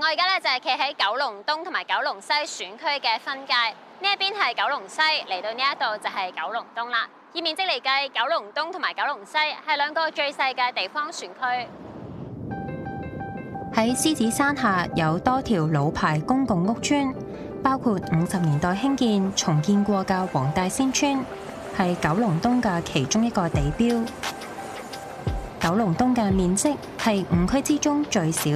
我而家咧就係企喺九龍東同埋九龍西選區嘅分界，呢一邊係九龍西，嚟到呢一度就係九龍東啦。以面積嚟計，九龍東同埋九龍西係兩個最細嘅地方選區。喺獅子山下有多條老牌公共屋邨，包括五十年代興建重建過嘅黃大仙邨，係九龍東嘅其中一個地標。九龍東嘅面積係五區之中最少。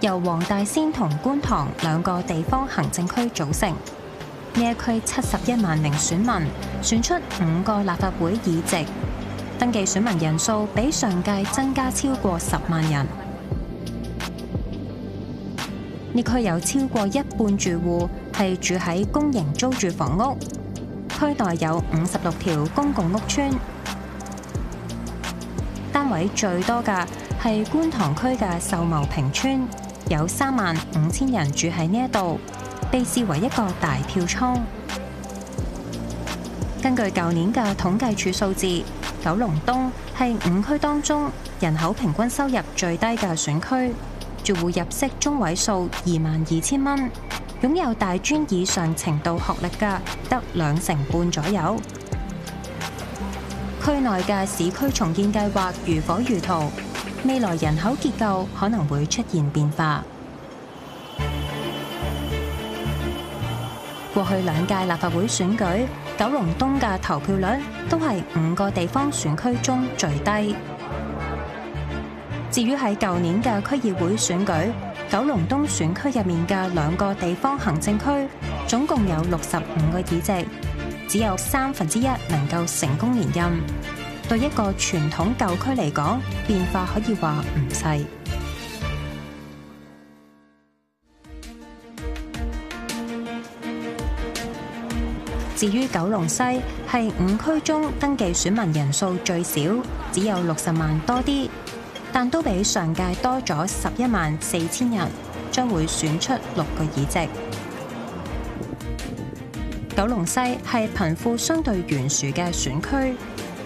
由黃大仙同觀塘兩個地方行政區組成，呢區七十一萬名選民選出五個立法會議席，登記選民人數比上屆增加超過十萬人。呢區有超過一半住戶係住喺公營租住房屋，區內有五十六條公共屋邨。單位最多嘅係觀塘區嘅秀茂坪邨。有三萬五千人住喺呢一度，被視為一個大票倉。根據舊年嘅統計處數字，九龍東係五區當中人口平均收入最低嘅選區，住戶入息中位數二萬二千蚊，擁有大專以上程度學歷嘅得兩成半左右。區內嘅市區重建計劃如火如荼。未來人口結構可能會出現變化。過去兩屆立法會選舉，九龍東嘅投票率都係五個地方選區中最低。至於喺舊年嘅區議會選舉，九龍東選區入面嘅兩個地方行政區，總共有六十五個議席，只有三分之一能夠成功連任。對一個傳統舊區嚟講，變化可以話唔細。至於九龍西，係五區中登記選民人數最少，只有六十萬多啲，但都比上屆多咗十一萬四千人，將會選出六個議席。九龍西係貧富相對懸殊嘅選區。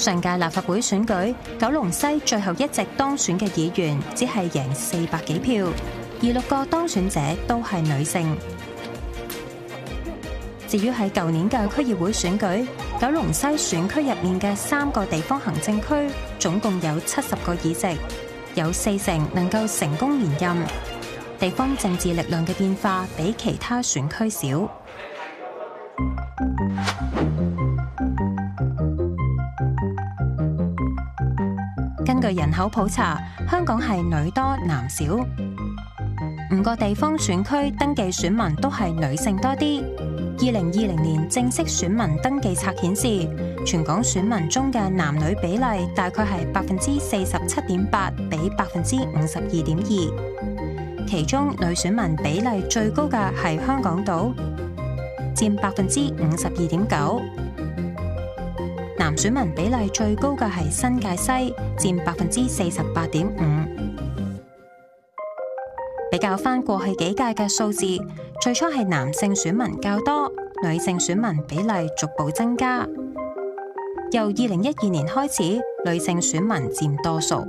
上屆立法會選舉，九龍西最後一席當選嘅議員只係贏四百幾票，而六個當選者都係女性。至於喺舊年嘅區議會選舉，九龍西選區入面嘅三個地方行政區總共有七十個議席，有四成能夠成功連任。地方政治力量嘅變化比其他選區少。人口普查，香港係女多男少。五個地方選區登記選民都係女性多啲。二零二零年正式選民登記冊顯示，全港選民中嘅男女比例大概係百分之四十七點八比百分之五十二點二。其中女選民比例最高嘅係香港島，佔百分之五十二點九。男選民比例最高嘅係新界西，占百分之四十八點五。比較翻過去幾屆嘅數字，最初係男性選民較多，女性選民比例逐步增加，由二零一二年開始，女性選民占多數。